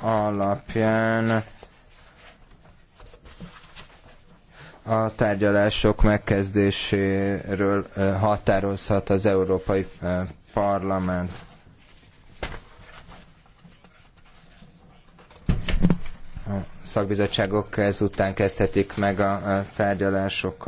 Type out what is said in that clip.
alapján a tárgyalások megkezdéséről határozhat az Európai Parlament. A szakbizottságok ezután kezdhetik meg a tárgyalásokat.